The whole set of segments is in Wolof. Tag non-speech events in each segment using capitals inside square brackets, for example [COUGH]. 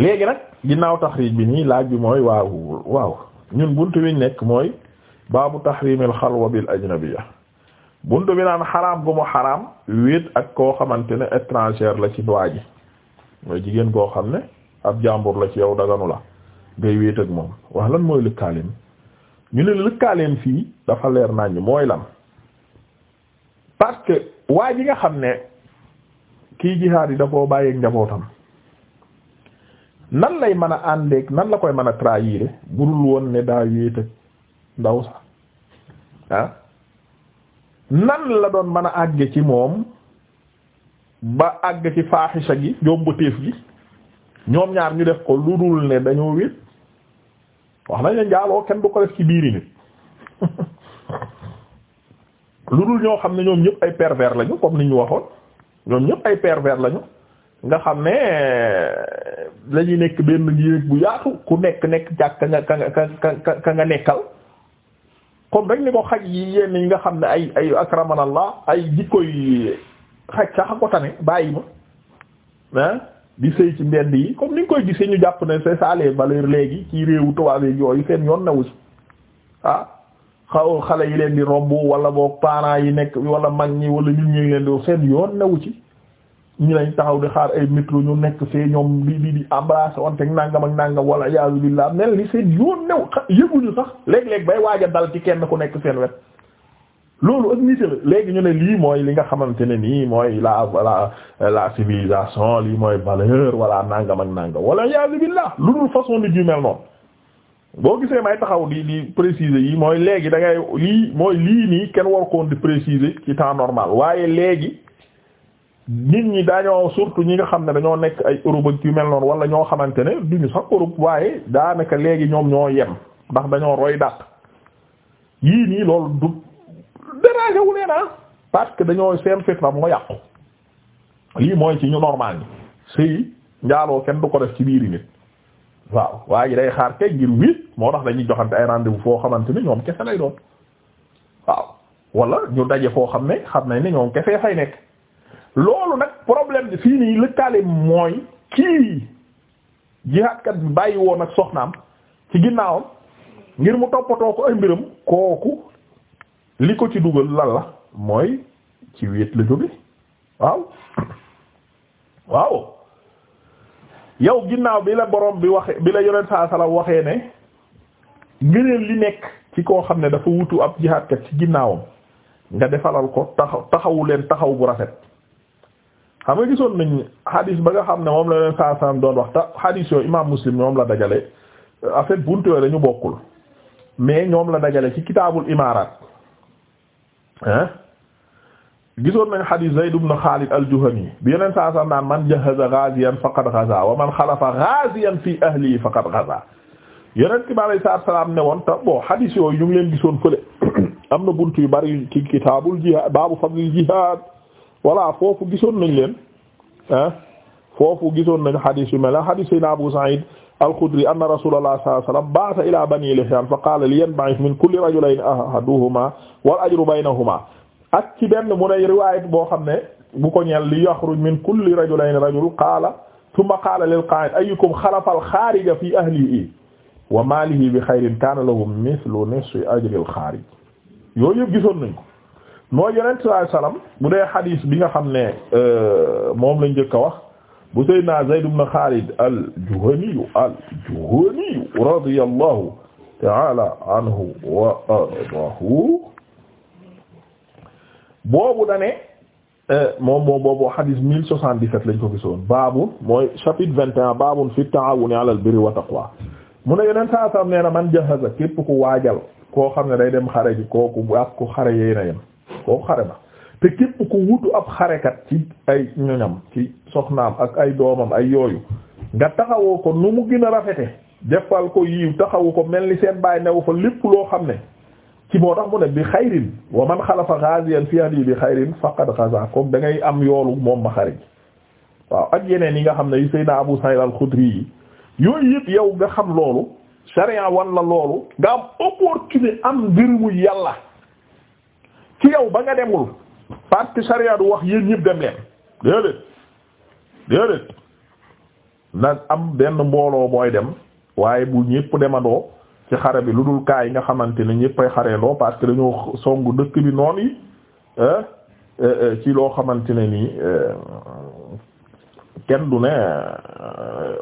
léegi nag ginnaaw tax taxriij bi nii laaj bi mooy waaw waaw ñun buntu bi nekk mooy baabu tahrimil xalwa bil ajnabiyya buntu bi naan xaraam gu mu xaraam wéet ak koo xamante ne étranger la ci waa ji mooy jigéen koo xam ne ab jàmbur la ci yow daganu la ngay wéet ak moom wax lan mooy lëkkaaleem ñu ne leen fii dafa leer naññ mooy lan parce que waa ji nga xam ne kii jihaad yi da koo bàyyeeg njabootam nan lay mën a àndeek nan la koy mën a trahir budul woon ne daa wéet ak ndaw sax ah? nan la doon mën a àggee ci moom ba àgg ci faaxisa gi jombateef gi ñoom ñaar ñu def ko lu dul ne dañoo wéet wax nañ ne njaaloo kenn du ko def ci biiri nit [LAUGHS] lu dul ñoo xam ne ñoom ñëpp ay pervers lañu comme ni ñu waxoon ñoom ñëpp ay pervers lañu nga xam ne la ñuy nekk benn ngi bu yaatu ku nekk nekk jàkk ka nga ka nga ka nga nekkal comme rek ni ko xaj yi yenn yi nga xam ne ay ay akramanallah ay jikkoy xaj sax a ko tane bàyyi ma ah di sëy ci mbend yi comme ni nga koy gisee ñu jàpp ne c'est ça les valeurs léegi ci réewu tubaab yi yooyu seen yoon newu si ah xale yi leen di romb wala boo parents yi nekk wala mag ñi wala ñun ñi leen di seen yoon newu ci ñi lañ taxaw di xaar ay métro ñu nekk fee ñoom di di di embrasser wante nangam ak nangam wala yaasu billah mel ni seen yoon new yëguñu sax léeg-léeg bay waaj dal ci kenn ku nekk seen wet loolu ak nite la léegi ñu ne lii mooy li nga xamante ne nii mooy la la la civilisation lii mooy valeur wala nangam ak nangam wala yaasu billah lu dul façon nit yu mel noonu boo gisee may taxaw di di préciser yi mooy léegi da ngay lii mooy lii nii kenn war koon di préciser ci temps normal waaye léegi nit ñi dañoo surtout ñi nga xam ne dañoo nekk ay Europe ak yu mel noonu wala ñoo xamante ne duñu sax Europe waaye daanaka léegi ñoom ñoo yem ndax dañoo roy dàq yii nii loolu du déranger nee naa ah, parce dañoo seen fitra moo yàqu yii mooy ci ñu normal ni sëy njaaloo kenn du ko def ci biiri nit waaw waaye day xaar kay ngir wii moo tax dañuy joxante ay rendez-vous foo xamante ne ñoom kese lay doon waaw wala ñu daje foo xam ne xam nañ ne ñoom kese fay nekk loolu nag problème bi fii nii lëkkaale mooy kii jihaatkat bi bàyyi woon ak soxnaam ci ginnaawam ngir mu toppatoo ko ay mbiram kooku li ko ci dugal lan la mooy ci wéet la jóge waaw waaw yow ginnaaw bi la boroom bi waxe bi la yonent saa sala waxee ne ngëneel li nekk ci koo xam ne dafa wutu ab jihaatkat ci ginnaawam nga defalal ko taxaw taxawu leen taxaw bu rafet xam nga gisoon nañ hadis ba nga xam ne moom la leen saa saam doon wax ta hadis yooyu imaam muslim ñoom la dajale en bunt buntu yooyu dañu bokkul mais ñoom la dajale ci kitaabul imaaraat ah gisoon nañ hadis Zayd ibn Khalid al-Juhani bi yeneen saa saam naan man jahaza ghaziyan faqad ghaza wa man khalafa ghaziyan fi ahlihi faqad ghaza yeneen ci baalay saa salaam ne woon ta bon hadis yooyu ñu leen gisoon fële [CLEARS THROAT] am na buntu yu bari ci kitaabul jihaad baabu fadlil jihaad voilà foofu gisoon nañ leen ah foofu gisoon nañ xadis yu mel ne xadis sayna Abu Sa'id al-Khudri anna Rasulullah sallallahu alayhi wasallam ba'atha ila bani Lihyan fa qala liyanba'ith min kulli rajulayn ahaduhuma wal ajru baynahuma ak ci benn mu ne riwaayat boo xam ne bu ko ñeel li yaxruj min kulli rajulayn rajul qaala thumma qaala lil qaa'id ayyukum xalafa al-khaarija fi ahlihi wa maalihi bi xayrin kaana lahu mithlu nisfi ajri al-khaarij yooyu yëpp gisoon nañ ko moo yonent sallallahu alayhi wasallam bu dee xadiis bi nga xam ne euh, moom lañ njëkk a wax bu Seydina Zayd ibn Xaalid al-Juhani al-Juhani radiyallahu ta'ala anhu wa ardaahu boobu dane euh, moom moom boobu xadiis mille ko gisoon baabu mooy chapitre vingt et un baabun fi ta'awuni ala al-birri wa taqwa mu ne yonent sallallahu alayhi wasallam na man jahaza képp ku waajal koo xam ne day dem ko ji kooku ak ku xare yee koo xare na te képp ku wutu ab xarekat ci ay ñoñam ci soxnaam ak ay doomam ay yooyu nga taxawoo ko nu mu gën a rafete defal ko yiw taxawu ko mel ni seen bàyyi new fa lépp loo xam ne ci moo tax mu ne bi xayrin wa man xalafa ghaziyan fi hadi bi xayrin faqad ghaza comme da am yoolu moom ma xare ji waaw ak yeneen yi nga xam ne yu Seydina Abu Sa'id al yi yooyu yëpp yow nga xam loolu sharia wan la loolu nga am opportunité am mbir yàlla ci yow ba nga demul parce que sharia du wax yéen ñëpp dem leen déedéet déedéet nag am benn mbooloo mooy dem waaye bu ñëpp demandoo ci xare bi lu dul kaa yi nga xamante ne ñëppay xareendoo parce que dañoo songu dëkk bi noon yi euh, euh, ci loo xamante ne nii euh, kenn du ne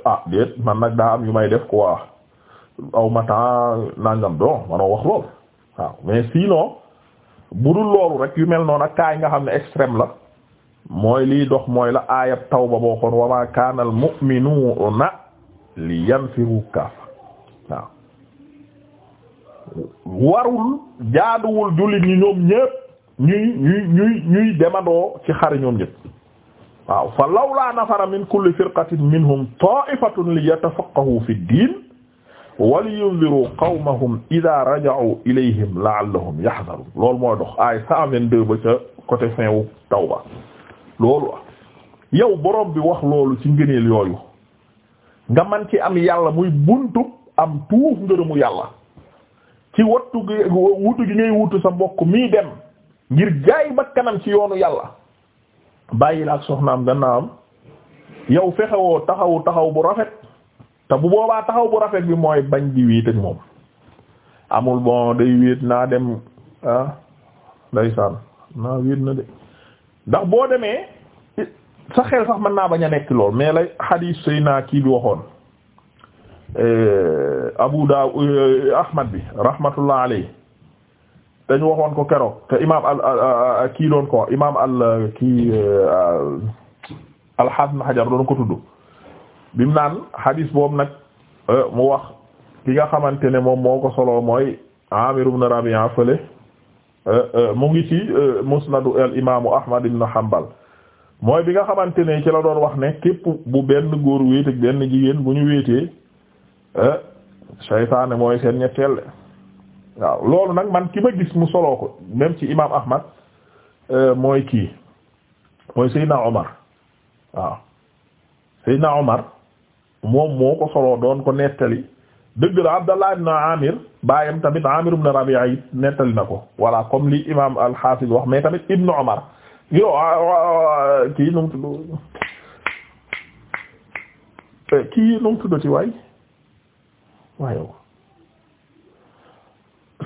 ah déet man nag daa am yu may def quoi aw ma temps nangam manoo wax lool waaw mais sinon budul loolu rek yu mel noonu ak kaa nga xam ne extrême la mooy liy dox mooy la aayab tawba boo xoon wa maa kaana al mu'minuuna li yanfiru kaafa waaw warul jaaduwul jullit ñi ñoom ñépp ñuy ñuy ñuy ñuy demandoo ci xare ñoom ñépp waaw fa lawlaa nafara min kulli firqatin minhum taa'ifatun li yatafaqqahu fi diin waliyundiru qawmahum ida raja'u ilayhim la'allahum yahzarun loolu mooy dox ay cent vingt-deux ba ca côté fin wu tawba loolu yow borom bi wax loolu ci ngëneel yooyu nga man ci am yàlla muy buntu am tuuf ngërëmu yàlla ci wattu gi wutu gi ngay wutu sa mbokk mii dem ngir jaay bakkanam ci yoonu yàlla bàyyi la ak soxnaam gannaawam yow fexewoo taxawu taxaw bu rafet te bu boobaa taxaw bu rafet bi mooy bañ di wéet ak moom amul bon day wéet naa dem ah ndeysaan naa wéet na de ndax boo demee sa xel sax mën naa bañ a nekk lool mais lay hadith sëy naa kii bi waxoon eh, Abu Daw eh, Ahmad bi rahmatullah alayhi dañu waxoon ko keroog te imaam al kii doon ko imaam al eh, al xaas na doon ko tudd bi naan hadis boobu nag euh, mu wax ki nga xamante ne moom moo ko solo mooy Amir ibn Rabi'a fële euh, euh, mu ngi ci musnadu al imaamu Ahmad ibn xàmbal mooy bi nga xamante ne ci la doon wax ne képp bu benn góor wéet ak benn jigéen bu ñu wéetee saytaane mooy seen ñetteel waaw loolu nag man ki ma gis mu soloo ko même ci imaam Ahmad mooy kii mooy Seydina Omar waaw Seydina Omar moom moo ko soloo doon ko nettali dëgg la Abdallah Amir baayam tamit Amir ibn Rabi'a nettali na ko voilà comme li imam al wax mais tamit Ibn Umar ah, ah, ah, kii nu mu eh, kii nu mu ci waay waayow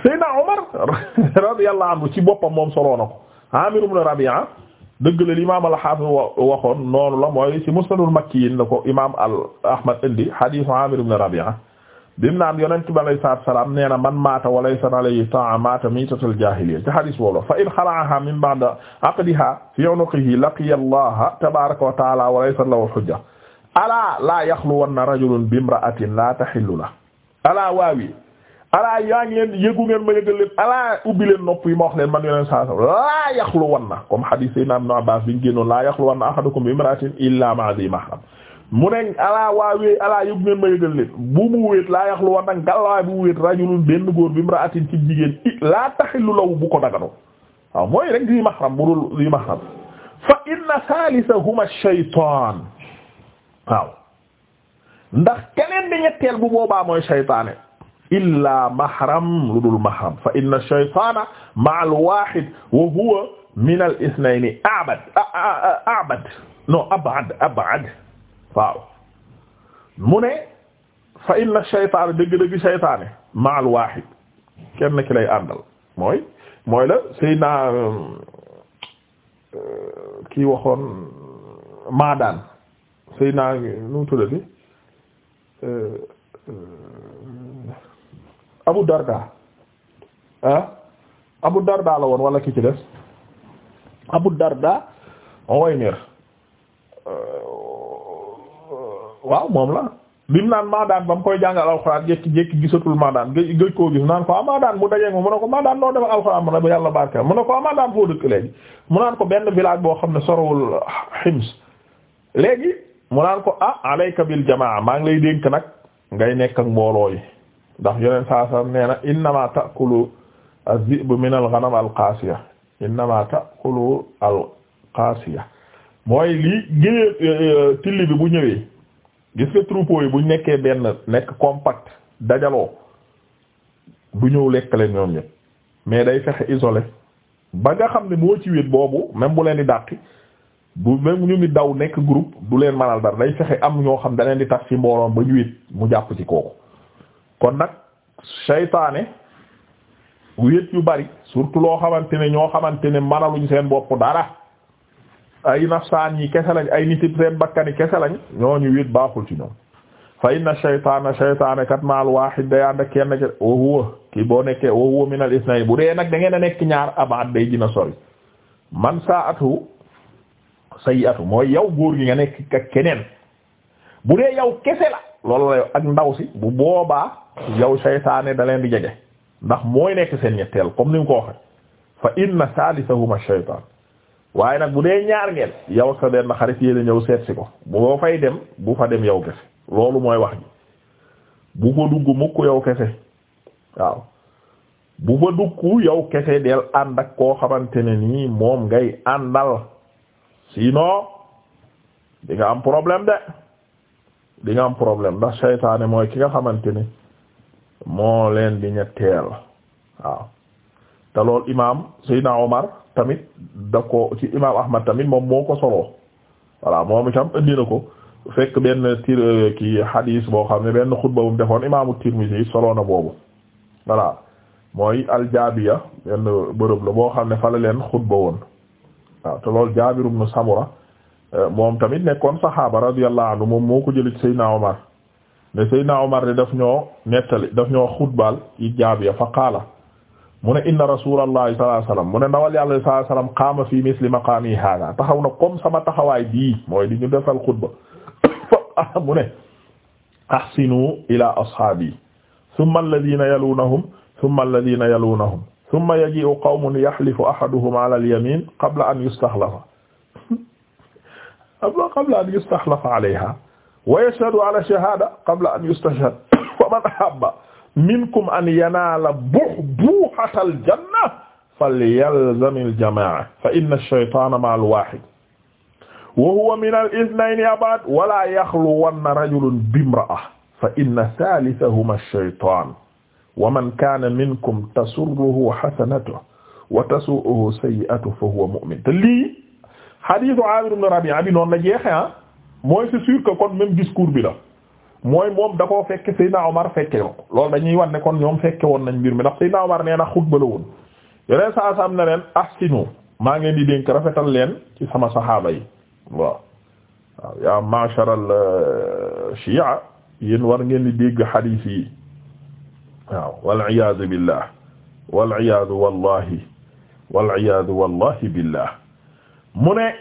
Seydina Umar [LAUGHS] radiyallahu anhu ci boppam moom soloo na ko Amir ibn Rabi'a dëgg la imaam al-Hafiz waxoon noonu la mooy ci Musnadul Makkiyin la ko imaam al Ahmad indi hadiisu Aamir ibn Rabi'a bi mu naan yonent bi alayhi salaatu wa salaam nee na man maata wa laysa alayhi taa'atun maata miitatal jaahiliyya ci hadiis wala fa in xala'ahaa min ba'di aqdihaa fii unuqihi laqiya Allaha tabaaraka wa ta'aalaa wa laysa lahu hujja alaa laa yaxluwanna rajulun bimra'atin laa tahillu lahu alaa waawi alaa yaa ngi leen yëgu ngeen ma yëgal leen alaa ubbi nopp yi ma wax leen man yo leen laa yaxlu wan comme hadith sayyidina ibn Abbas bi ñu laa yaxlu wan ahadukum bi imra'atin illa ma'a dhi mahram mu ne alaa waa alaa yëgu ma yëgal leen bu mu wéet laa yaxlu wan na ngàllawaay bu mu wéet rajulun benn góor bi imra'atin ci jigéen laa tahillu law bu ko daganoo waaw mooy rek dhi mahram bu dul dhi mahram fa inna thalithahuma ash waaw ndax keneen illaa mahram lu dul mahram fa inna shaytaana ma'a al-waahid wa huwa min al-ithnayni abad abad non abad abad waaw mu ne fa inna shaytaana dëgg-dëgg shaytaane ma'a al-waahid kenn ki lay àndal mooy mooy la Seydina euh, kii waxoon Maadaan Seydina nu mu tuddati euh, euh, Abu Darda ah Abu Darda la woon wala ki ci des Abu Darda Uwaymir ah, waaw moom la lim naan daan ba mu koy jàngal alxuraan jékki jékki gisatul maadaan gëj gëj koo gis naan ko ah maadaan mu dajeeg ma mu ne ko maadaan noo defal alxuraan mu ne ba yàlla barkeel mu ne ko ah maadaan foo dëkk léegi mu naan ko benn village boo xam ne sorowul Hims léegi mu naan ko ah alayka bil jamaa maa ngi lay dénk nag ngay nekk ak mbooloo ndax yeneen saa saa nee na innama ta'kulu az-zi'bu min al-ghanam al-qasiya innama ta'kulu al-qasiya mooy lii gënee euh, tilli bi bu ñëwee gis nga troupeau yi buñ nekkee benn nekk compact dajaloo du ñëw lekk leen ñoom ñëpp mais day fexe isolé ba nga xam ne moo ci wét boobu même bu leen di dàqi bu même ñu mi daw nekk groupe du leen manal dara day fexe am ñoo xam da leen di tax ci mbooloon ba ñu wét mu jàpp ci kooku kon nag saytaane wéet yu bari surtout loo xamante ne ñoo xamante ne manaluñ seen bopp dara ay nafsaan yi kese lañ ay nitib seen bakkani kese lañ ñu wéet baaxul ci ñoom fa inna shaytaana shaytaane kat ma al day ànd ak kenn ca wa huwa ki boo nekkee wa huwa al isnay bu dee nag da ngeen a nekk ñaar abaat day dina sori man saa atu sayi atu mooy yow góor gi nga nekk keneen bu dee yow kese la loolu la ak ndaw si bu boobaa yow saytaane da leen di jege ndax mooy nekk seen ñetteel comme ni mu ko waxee fa inna saalisahuma shaytaan waaye nag bu dee ñaar ngeen yow sa benn xarit yéen a ñëw seet si ko boo fay dem bu fa dem yow kese loolu mooy wax ji bu fa dugg mukk yow kese waaw bu fa dugg yow kese del ànd ak koo xamante ne nii moom ngay àndal sinon di nga am problème de di nga am problème ndax saytaane mooy ki nga xamante ne. moo leen di ñetteel waaw te lool imaam Seydina Omar tamit da ko ci imaam Ahmad tamit moom moo ko soloo voilà moom itam indi na ko fekk benn tir euh, ki hadis boo xam ne benn xutba bu mu defoon imaamu Tirmidhi soloo na boobu voilà mooy aljaabiya benn bërëb la boo xam ne fa la leen xutba woon waaw te lool Jaabir ibn Samura euh, moom tamit nekkoon saxaaba radiyallahu anhu moom moo ko jëli Seydina Omar mais Seydina Omar de daf ñoo nettali daf ñoo xutbaal yi jaab ya fa qaala mu ne inna rasulallahi sallallahu alayhi wasallam mu ne ndawal yàlla sallallahu alayhi wasallam qaama fi misli maqaami haaza taxaw na comme sama taxawaay bii mooy di ñu defal xutba fa [COUGHS] mu ne ahsinu ila ashaabi thumma alladhina yalunahum thumma alladhina yalunahum thumma yaji'u qawmun yahlifu ahaduhum ala al-yamin qabla an yustahlafa [COUGHS] qabla an yustahlafa alayha wa yashhadu ala shahada qabla an yustashhad [COUGHS] wa man ahabba minkum an yanaala buhbuhatal janna falyalzamil jamaa fa inna ash-shaytaana ma'al waahid wa huwa minal ithnayni abad wala yaxluwanna rajulun bimra'a fa inna thaalithahumaa ash-shaytaan wa man kaana minkum tasurruhu hasanatuhu wa tasuu'uhu sayyi'atuhu fa huwa mu'min te lii hadiisu Aamir ibn Rabi'a bi noonu la jeexee ah. mooy c'est sûr que kon même discours bi la mooy moom da koo fekke Seydina Omar fekke ko loolu dañuy wan ne kon ñoom fekke woon nañ mbir mi ndax Seydina Omar nee na xutba la woon yeneen saa saam ne leen ahsinu maa ngeen di dénk rafetal leen ci sama saxaaba yi waaw waaw yaa ma'sharal euh, shi'a war ngeen di dégg xadiis yi waaw wal iyaadu billah wal iyaadu wallahi wal iyaadu wallahi billah mu ne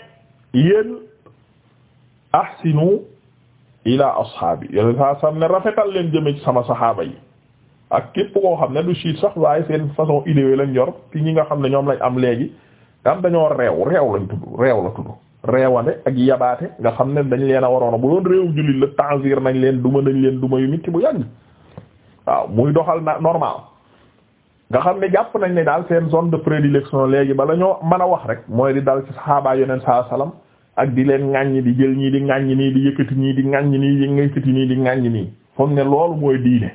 yéen ahsinu ila ashaabi yone saa sam ne rafetal leen jëme ci sama saxaaba yi ak képp koo xam ne du siit sax waaye seen façon idée lañ yor ci ñi nga xam ne ñoom lañ am léegi xam dañoo réew reew lañ tudd réew la tudd réewande ak yabaate nga xam ne dañ leen a waroon a bu doon réew jullit la tanzir nañ leen duma nañ leen duma yu mitti bu yàgg waaw muy doxal na normal nga xam ne jàpp nañ ne daal seen zone de prédilection léegi bala ñoo mën a wax rek mooy di dal ci saxaaba yoneen ak di leen ŋàññi di jël ñii di ŋàññi nii di yëkkati ñii di ŋàññi nii di yëkkati ñii di ŋàññi nii foog ne loolu mooy diine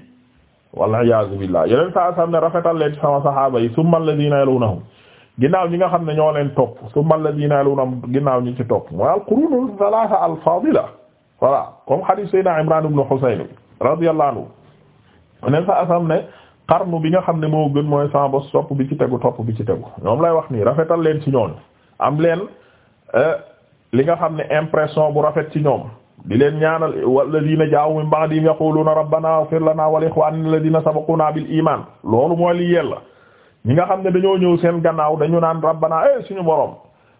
walla iyaazu billaah yeneen saa sam ne rafetal leen sama saxaaba yi summa alladina yalunahum ginnaaw ñi nga xam ne ñoo leen topp summa alladina yalunahum ginnaaw ñi ci topp mooy alqurunul salaasa alfadila voilà comme hadith sayyidina Imran ibn Husayn radiyallahu anhu yeneen saa sam ne xarnu bi nga xam ne moo gën mooy sama bos bi ci tegu topp bi ci tegu ñoom lay wax nii rafetal leen ci ñoon li nga xam ne impression bu rafet ci ñoom di leen ñaanal walladina jaawu min ba'dihim yaquluna rabbana ighfir lana wa li ikhwanina alladina sabaquna bil imaan loolu mooy li yella ñi nga xam ne dañoo ñëw seen gannaaw dañu naan rabbana eh suñu borom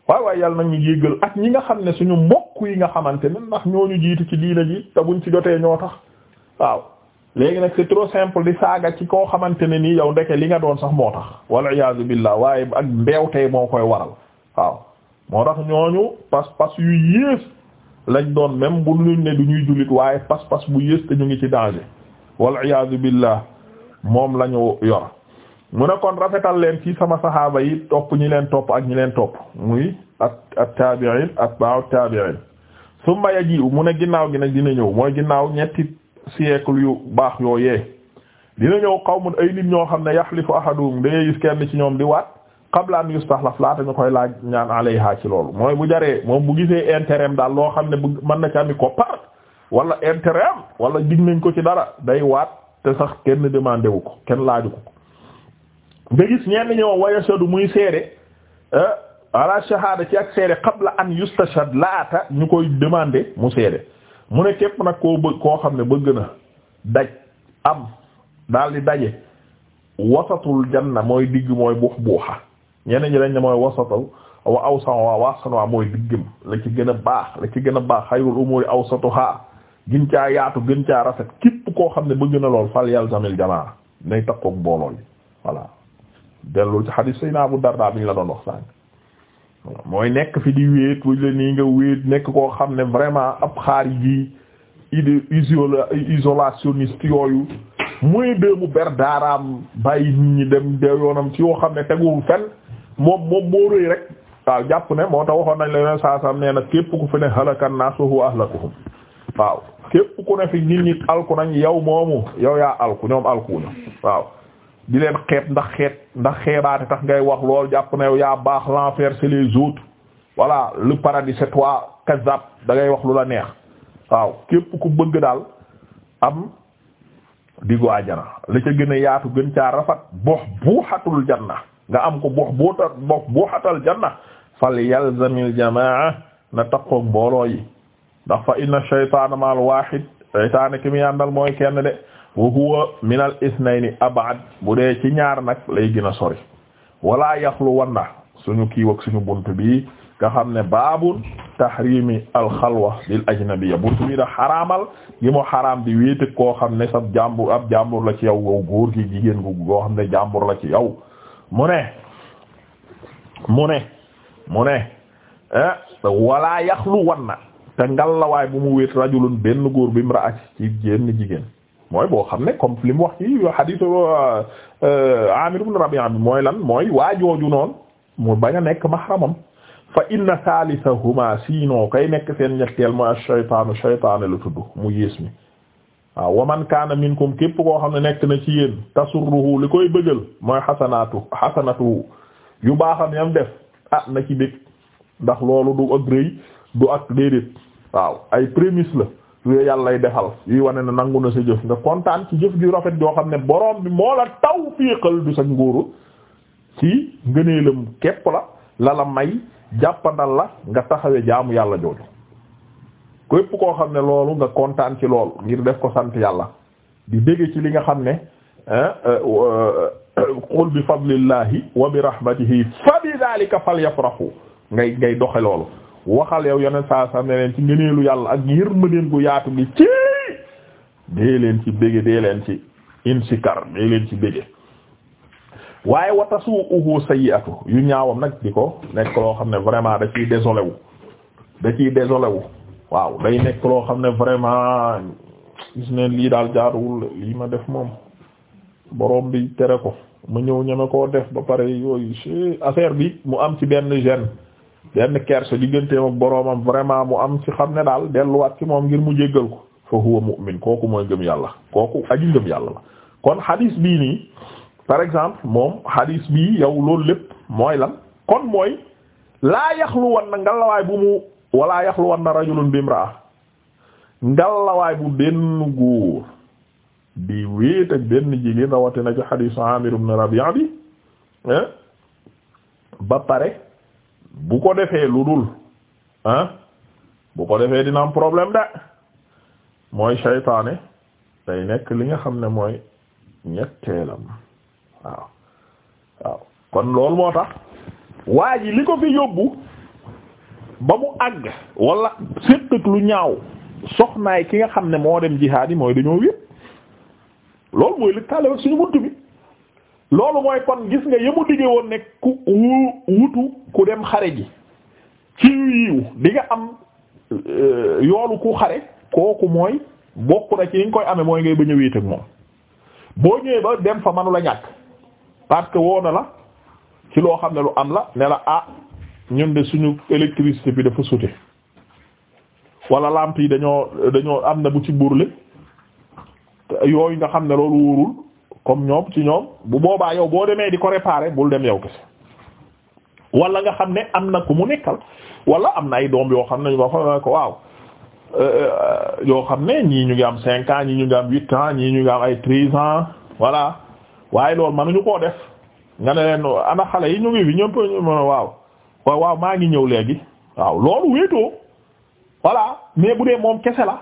waaye waaye yàlla nañu jéggal ak ñi nga xam ne suñu mbokk yi nga xamante ne ndax ñooñu jiitu ci diina ji te buñ ci jotee ñoo tax waaw léegi nag c'est trop simple di saaga ci koo xamante ne nii yow ndeke li nga doon sax moo tax wal iyaazu billah waaye ak mbeewtey moo koy waral moo tax ñooñu pas-pas yu yées lañ doon même bu luñ ne du ñuy jullit waaye pas-pas bu yées te ñu ngi ci danger wal iyaadu billah moom la ñu yor mu ne kon rafetal leen ci sama saxaaba yi topp ñi leen topp ak ñi leen topp muy at at taabi'in atba'u taabi'in summa yaji'u mu ne ginnaaw gi nag dina ñëw mooy ginnaaw ñetti siècle yu baax yooyee dina ñëw xaw qawmun ay nit ñoo xam ne yaxlifu ahaduhum da ngay gis kenn ci ñoom di waat qabla an yustahlaf laata ñu koy laaj ñaan alayha ci loolu mooy bu jaree moom bu gisee intérêt am daal loo xam ne bëgg man na ci ami ko par wala intérêt am wala dig nañ ko ci dara day waat te sax kenn demandé wu ko kenn laaju ko nga gis ñenn ñoo waya sadu muy seede eh, ala shahada ci ak seede qabla an yustashhad laata ñu koy demandé mu seede mu ne képp nag koo bëgg koo xam ne bëgg na daj am daal di daje wasatul janna mooy digg mooy buux buuxa ñenn ñi lañ ne mooy wasatu wa awsawa wasanwa mooy diggam la ci gën a baax la ci gën a baax xayrul umuri awsatuha gën caa yaatu gën caa rafet képp koo xam ne bëgg na lool fal yalzamil jamaa nay takkoog mbooloo yi voilà dellu ci xadiis sayna naa Darda bi ñu la doon wax sànq mooy nekk fi di wéet wuñ la nii nga wéet nekk koo xam ne vraiment ab xaar ji idée isolationniste yooyu muy déemu ber daaraam bàyyi nit ñi dem de yoonam ci yoo xam ne teguwul fenn moom moom moo rëy rek waaw jàpp ne moo tax waxoon nañ la yoneen saa nee na képp ku fi ne halakan naasu huwa ahlakuhum waaw képp ku ne fi nit alku nañ yow moomu yow yaa alku ñoom alkuuñu waaw di leen xeet ndax xeet ndax xeebaate tax ngay wax lool jàpp ne yaa baax l'enfer c'est les autres voilà le paradis c'est toi kazab wax lu la neex waaw képp ku bëgg daal am diggu ajana la ca gën a yaatu gën caa rafat box buuxatul janna nga am ko box boota box buuxatal janna fal yalzamil jamaa na taqoog mbooloo yi ndax fa inna ma'al waahid shaytaana ki mu mooy kenn de wa huwa minal isnayni ab'ad bu dee ci ñaar nag lay gën a sori wala yaxlu wanna suñu kii wak suñu bunt bi nga xam ne baabul tahrimi alxalwa lil ajnabiya bunt bi da xaraamal gi mu xaraam di wéeteg koo xam ne sab jàmbur ab jàmbur la ci yow wow góor gi jigéen gu xam ne jàmbur la ci yow mu ne mu ne mu ne eh, wala yaxlu wan na te ngallawaay bu mu wéet rajulun benn góor bi mu ra ak ci jigéen mooy boo xam ne comme li wax ci hadith eh, Amir ibn Rabi'a bi mooy lan mooy waa jooju noon mu bañ a nekk mahramam fa inna thalithahuma siinoo kay nekk seen ñetteel mooy ash-shaytaanu shaytaane la tudd mu yées mi waaw waman kaana minkum képp koo xam ne nekk na ci yéen tasurruhu li koy bëggal mooy xasanaatu xasanatu yu baaxam yam def ah na ci ndax loolu du ak rëy du ak déedéet waaw ay prémisse la yooyu yàllay defal yuy wane na nangu na sa jëf nga kontaan ci jëf ju rafet joo xam ne borom bi moo la taw tawfiqal du sa nguuru ci ngëneelam képp la la la may jàppandal la nga taxawee jaamu yàlla jooju képp koo xam ne loolu nga kontaan ci lool ngir def ko sant yàlla di bëgg ci li nga xam ne euh, qul bi fadlillahi wa bi rahmatihi fa bi dhalika falyafrahu ngay ngay doxe loolu waxal yow yeneen saa saa ne leen ci ngëneelu yàlla ak yërmandeem gu yaatu gi ci dee leen ci bëgg dee leen ci insikar dee leen ci bëgg waaye watasu uhu sayyi'atu yu ñaawam nag di ko nekk loo xam ne vraiment da ciy désolé da ciy désolé waaw day nekk loo xam ne vraiment gis ne lii daal jaaruwul lii ma def moom borom bi tere ko ma ñëw ñeme koo def ba pare yooyu ci affaire bi mu am ci benn gêne benn kerse digganteem ak boroomam vraiment mu am ci xam ne daal delluwaat ci moom ngir mu jéggal ko fa huwa mu'min kooku mooy gëm yàlla kooku aji gëm yàlla la kon hadis bii nii par exemple moom hadis bii yow loolu lépp mooy lan kon mooy laa yaxlu wan ngalawaay bu mu wala yaxluwanna rajulun bi imraa ngallawaay bu benn góor di wéet ak benn jigéen rawatina ci xadiisu Aamir ibn Rabi'a bi ba pare bu ko defee lu dul ah bu ko defee dina am problème de mooy seytaane day nekk li nga xam ne mooy ñetteelam waaw kon loolu moo tax waa ji li ko fi yóbbu ba mu àgg wala séqak lu ñaaw soxnaay ki nga xam ne moo dem jihaad mooy dañoo wéet loolu mooy li tàlleweg suñu bunt bi loolu mooy kon gis nga yëmu digge woon ne ku wutu ku dem xare ji ci yiw di nga am euh, yoolu ku xare kooku mooy bokk na ci ni nga koy amee mooy ngay bañ a wéet moom boo ñëwee ba dem fa manu la ñàkk parce que woo na la ci loo xam ne lu am la ne la ah ñun de suñu électricité bi dafa sauté wala lampe yi dañoo dañoo am na bu ci burle yooyu nga xam ne loolu wóorul comme ñoom ci ñoom bu boobaa yow boo demee di ko réparer bul dem yow kese wala nga xam ne am na ku mu nekkal wala am na ay doom yoo xam ne ñu nga ko waaw euh, euh, yoo xam ne ñii ñu ngi am cinq ans ñii ñu ngi am huit ans ñii ñu ngi am ay treize ans voilà waaye loolu mënuñu koo def nga ne leen a xale yi ñu ngi fi ñëpp ñu mën a waaw. waaw waaw maa ngi ñëw léegi waaw loolu wéetoo voilà mais bu dee moom kese la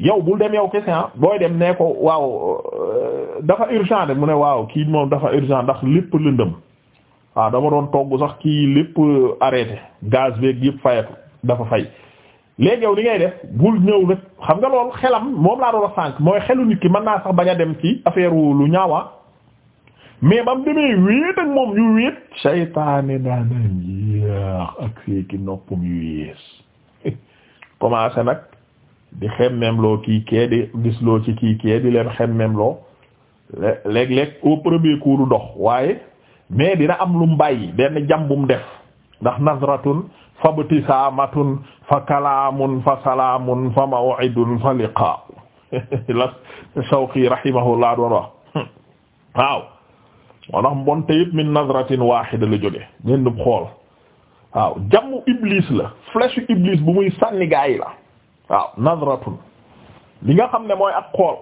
yow bul dem yow kese ah. booy dem nee ko waaw euh, dafa urgent de mu ne waaw kii moom dafa urgent ndax lépp lëndëm waaw ah, dama doon togg sax kii lépp euh, arrêté gaz beeg yëpp fayatu dafa fay léegi yow li ngay def bul ñëw nag xam nga loolu xelam moom laa doon a sànq mooy xelu nit ki mën naa sax bañ a dem ci affaire lu ñaawa ah. mais ba mu demee wéet ak moom yu wéet saytaane daanaan yéex ak seeki noppum yu yées [LAUGHS] commencé nag di xemmem loo kii kee di gis loo ci kii kee di leen xemmem loo léeg-léeg au premier coup dox waaye mais dina am lu mu bàyyi benn jàmbum def ndax nazratun fa btisaamatun fa kalaamun fa salaamun fa maw'idun fa liqaa la [LAUGHS] Shawqi rahimahullah doon wax [LAUGHS] waaw moo tax mbonte yëpp min nazratin wahida la jóge ñenn xool waaw jammu iblis la flèche iblis bu muy sànni gaa la waaw nazratun li nga xam ne mooy ak xool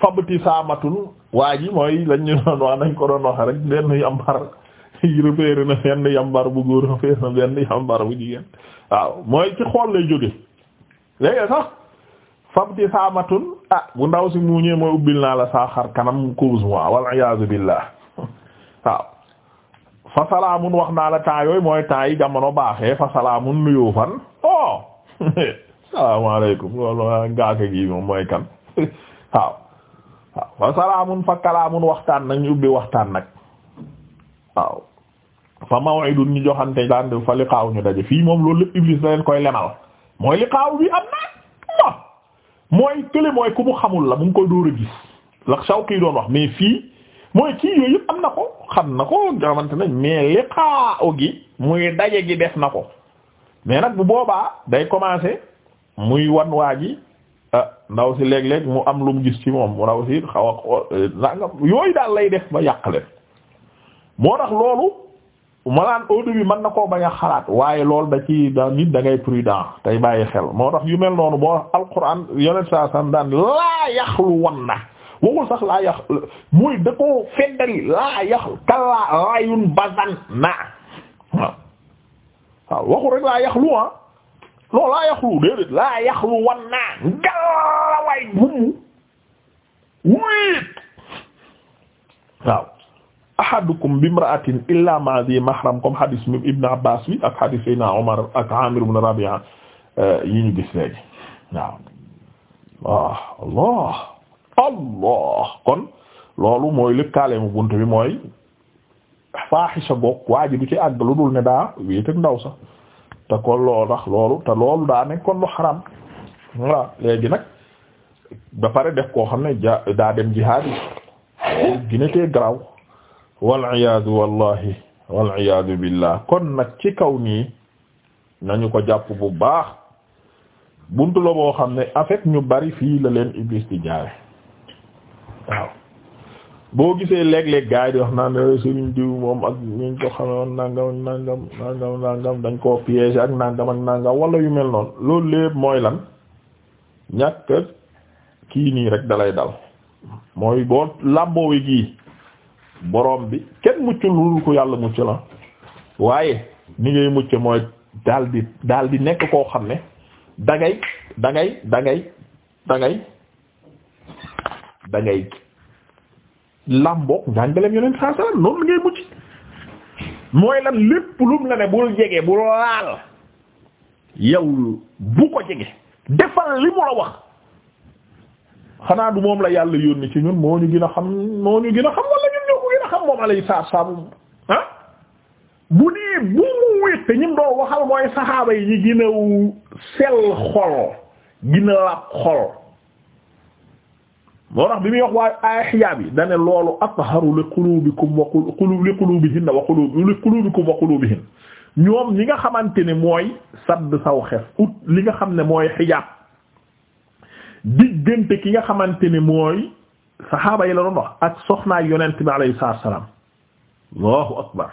fabtisaamatun waa ji mooy lañ ñu doon wax nañ ko doon wax rek benn yambar [LAUGHS] repérer na benn yambar bu góor repérer na benn yambar bu jigéen waaw mooy ah bu ndaw si muuñee mooy ubbil naa la saa xar kanam cause moi wal iyaazu billah [LAUGHS] waaw fa salaamun wax naa la temps yooyu mooy temps yi jamono baaxee fa salaamun nuyoo fan oh [LAUGHS] salaamaaleykum loolu ngaaka gi moom mooy kan [LAUGHS] waaw fa salaamun fa kalaamun waxtaan nag ñu ubbi waxtaan nag waaw fa maw'idun ñu joxante daan fa liqaaw ñu daje fii moom loolu lépp iblis da leen koy lemal mooy liqaaw bi am na mooy kële mooy ku mu xamul la mu koy dóor a gis la saw kii doon wax mais fii mooy kii yooyu yëpp am na ko xam na ko xamante nañ mais liqaa gi muy daje gi def na ko mais nag bu boobaa day commencer muy wan waa gi ah ndaw si léeg-léeg mu am lu mu gis ci moom ndaw si xaw a eh, nangam yooyu daal lay def ba yàq leen moo tax loolu malaan au début mën na koo bañ a xalaat waaye lool da ci da nit da ngay prudent tey bàyyi xel moo tax yu mel noonu boo alquran yonent saa san daan laa yaxlu wan waxul sax laa yax mooy da koo feddali laa yaxlu kallaa laayun na waaw waxul rek laa yaxlu ah non laa yaxlu déedéet waaw ahadukum bimra'atin illa ma zi mahram comme hadis ibn Abbas bi ak hadis Seydina Omar ak Amir ibn Rabi'a euh, yi ñu gis léegi ah, Allah Allah kon loolu mooy lëkkaale mu bunt bi mooy faaxisa goog waa ji du ci àgg lu dul ne daa wéet ak ndaw sax te kon loolu loolu te loolu daa nekkoon lu xaram waaw léegi nag bapare pare def koo xam ne ja daa dem jihaad yi gine tee wal iyaadu wallahi wal iyaadu kon nag ci kaw nii nañu ko jàpp bu baax buntu la xam ne en ñu bari fii la leen iblis boo gisee léeg-léeg yi wax naan eh, sëriñ moom ak ñu ko xamewoon nangam nangam dañ koo ak nangam ak wala yu mel noonu loolu lépp mooy lan ñàkk kii nii rek dalay dal mooy boo làmboowe gii borom bi kenn mucc lu ko yàlla mucc la waaye ni ngay mucc mooy daal di daal nekk koo xam ne da ngay da ngay da ngay da ngay da ngay làmboog njàngaleem ngay mucc mooy lan lépp lum la ne bul jege bul laal yow bu ko jege defal li mu la wax xanaa du moom la yàlla yónni ci ñun moo ñu gën a xam moo ñu gën a xam moom alayhi salaam ah bu nee bu mu wéet te ñim doon waxal mooy saxaaba yi ñi gën a xol gën a xol moo tax bi muy wax waaye ahyaa bi dane loolu atharu li qulubikum wa qulub li qulubihin wa qulub wa qulubihin ñoom ñi nga xamante ne mooy sadd saw xef ut li nga xam ne mooy xijaab diggante ki nga xamante ne mooy saxaaba yi la doon wax ak soxnaay yonent bi alayhi salaam allahu akbar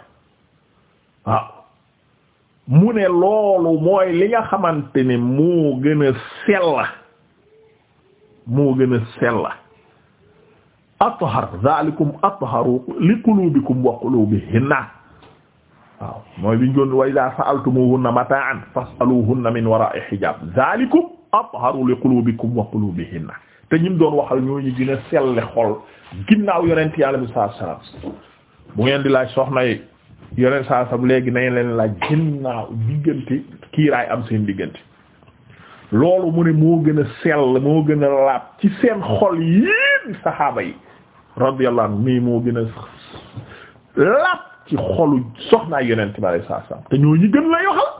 waaw ah. mu ne loolu mooy li nga xamante ne moo gën a sell moo gën a sell athar zalikum atharu li qulubikum wa qulubihinna waaw mooy biñ doon wa idha sa'altumuhunna mata'an fas'aluhunna min wara'i hijab zalikum atharu li qulubikum wa qulubihinna te ñim doon waxal ñooñu gën a selle xol ginnaaw yonent yàlla bi saa salaam bu ngeen di laaj soxna yi yonent saa salaam léegi nañ leen laaj ginnaaw diggante kiiraay am seen diggante loolu mu ne moo gën a sell moo gën a laab ci seen xol yéen saxaaba yi radiyallahu anhu mii moo gën a laab ci xolu soxnaay yonent bi alayhi salaam te ñooñu gën la yoxal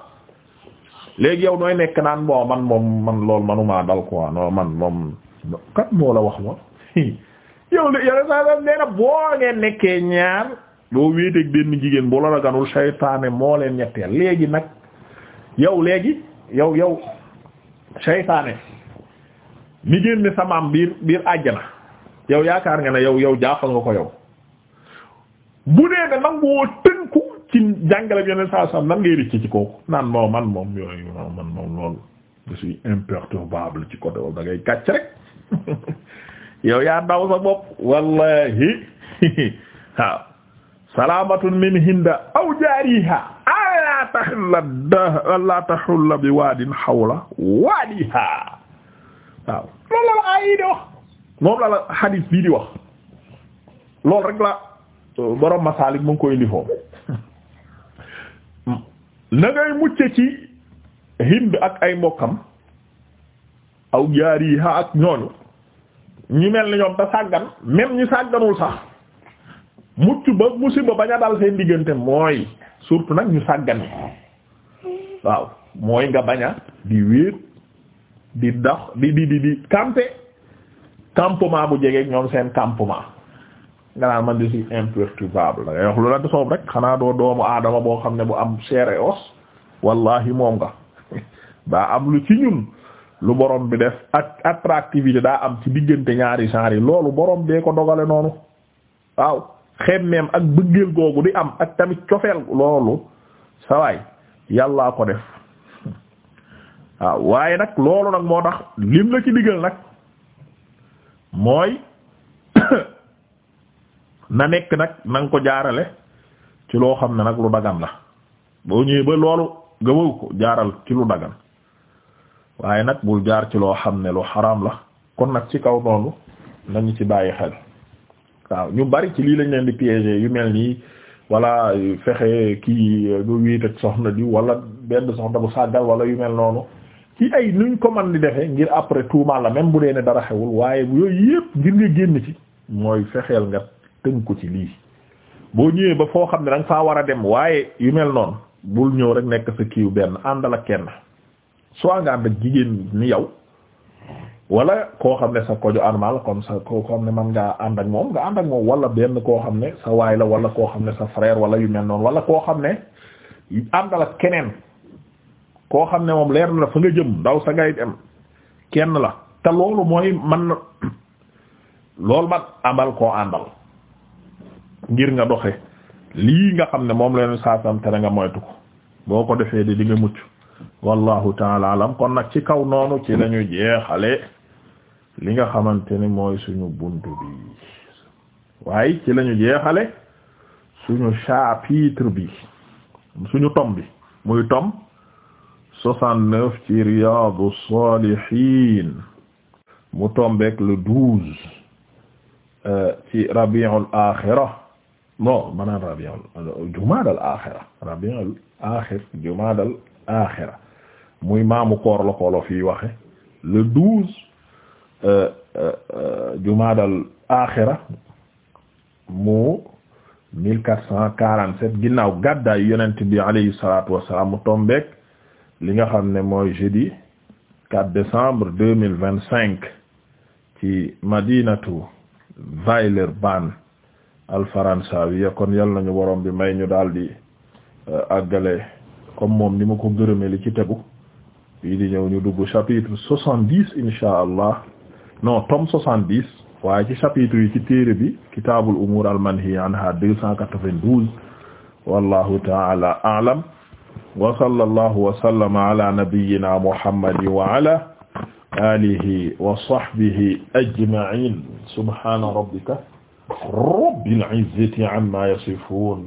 léegi yow nooy nekk naan bon man moom man lool manuma dal quoi non man moom kat moo la wax ma yow li yàlla saa saa nee boo ngeen nekkee ñaar boo wéeteeg benn jigéen bu la raganul saytaane moo leen ñetteel léegi nag yow léegi yow yow saytaane mi génne samaam maam biir biir na yow yaakaar nga ne yow yow jaaxal nga ko yow bu dee ne nag boo tënku ci jàngale yeneen saa saa nan ngay rëcc ci kooku naan moom man moom yooyu man moom loolu je suis imperturbable ci côté da ngay gàcc rek. [LAUGHS] yow yaa daw sa bopp wallahi [LAUGHS] waaw salaamatun min hinda aw jaariha ala taxilla bi waadin xawla waadiha waaw la la ayi di wax moom la euh, borom masaalik mu ngi koy indi foofu [LAUGHS] ci hind ak ay mbokkam aw jaar yi ha ak ñooñu ñu mel ni ñoom te sàggan même ñu sàgganul sax mucc ba musiba bañ a dal seen diggante mooy surtout nag ñu sàggan waaw mooy nga baña a di wéet di dox di di di di camper campement bu jegeeg ñoom seen campement nga naan man di si imperturbable da wax lu la te soob rek xanaa doo doomu aadama boo xam ne bu am chair et os wallahi moom nga daa [LAUGHS] am lu ci ñun lu borom bi def ak attractivité daa am ci diggante ñaari genre yi loolu borom bee ko dogale noonu waaw xemmeem ak bëggeel googu di am ak tamit cofeel loolu sawaay yàllaa ko def waaw waaye nag loolu nag moo tax lim la ci digal nag mooy [COUGHS] na nekk nag na ko jaarale ci loo xam ne nag lu dagan la boo ñëwee ba loolu nga bëgg ko jaaral ci lu dagan waaye nag bul jaar ci loo xam ne lu xaraam la kon nag ci kaw noonu nañu ci bàyyi xel waaw ñu bari ci lii lañ leen di piéger yu mel nii wala fexe kii nga wéet ak soxna di wala benn soxna bu sàggal wala yu mel noonu ci ay nuñ ko man di defee ngir après tuuma la même bu dee ne dara xewul waaye yooyu yépp ngir nga génn ci mooy fexeel nga ko ci lii boo ñëwee ba foo xam ne da nga faa war a dem waaye yu mel noonu bul ñëw rek nekk sa kiiw benn àndal ak kenn. soit nga ànd ak jigéen ni yow walla koo xam ne sa kojo armal comme sa koo xam ne man ngaa ànd ak moom nga ànd ak moom wala benn koo xam ne sa waay la wala koo xam ne sa frère wala yu mel noonu wala koo xam ne àndal ak keneen koo xam ne moom leer na la jëm ndaw sa ngay dem kenn la te loolu mooy man loolu mat amal koo àndal ngir nga doxe lii nga xam ne moom leen saasam tere nga moytu ko boo ko defee di di nga mucc wallahu taala alam kon nag ci kaw noonu ci lañu jeexale li nga xamante ni mooy suñu bunt bi waaye ci lañu jeexale suñu chapitre bi suñu tom bi muy tom soixante-neuf ci Riyadou Salihine mu tombeek le douze euh, ci Rabiul Axira non maanaam Rabiul Jumaadal Axira Rabiul Axir Jumaadal aaxira muy maamu koor la ko fi waxe le douze euh, euh, euh, jumaadal aaxira mu ginnaaw gàddaay yonent bi alayhi salaatu wassalaam mu tombeek li nga xam ne mooy jeudi quatre décembre deux mille vingt cinq ci madinatu Villeurbanne al kon yal nañu borom bi may ñu daal daldi àggale comme moom ni ma ko gërëme li ci tegu bii di ñëw ñu dugg chapitre soixante-dix insha allah non tome soixante-dix waaye ci chapitre yi ci téere bi kitaabul umuur al manhi anha deux cent quatre-vingt-douze wallahu taala a'lam wa sallallahu wa sallama ala nabiyyina muhammadin wa ala alihi wa sahbihi ajma'in subhana rabbika rabbil izzati amma yasifun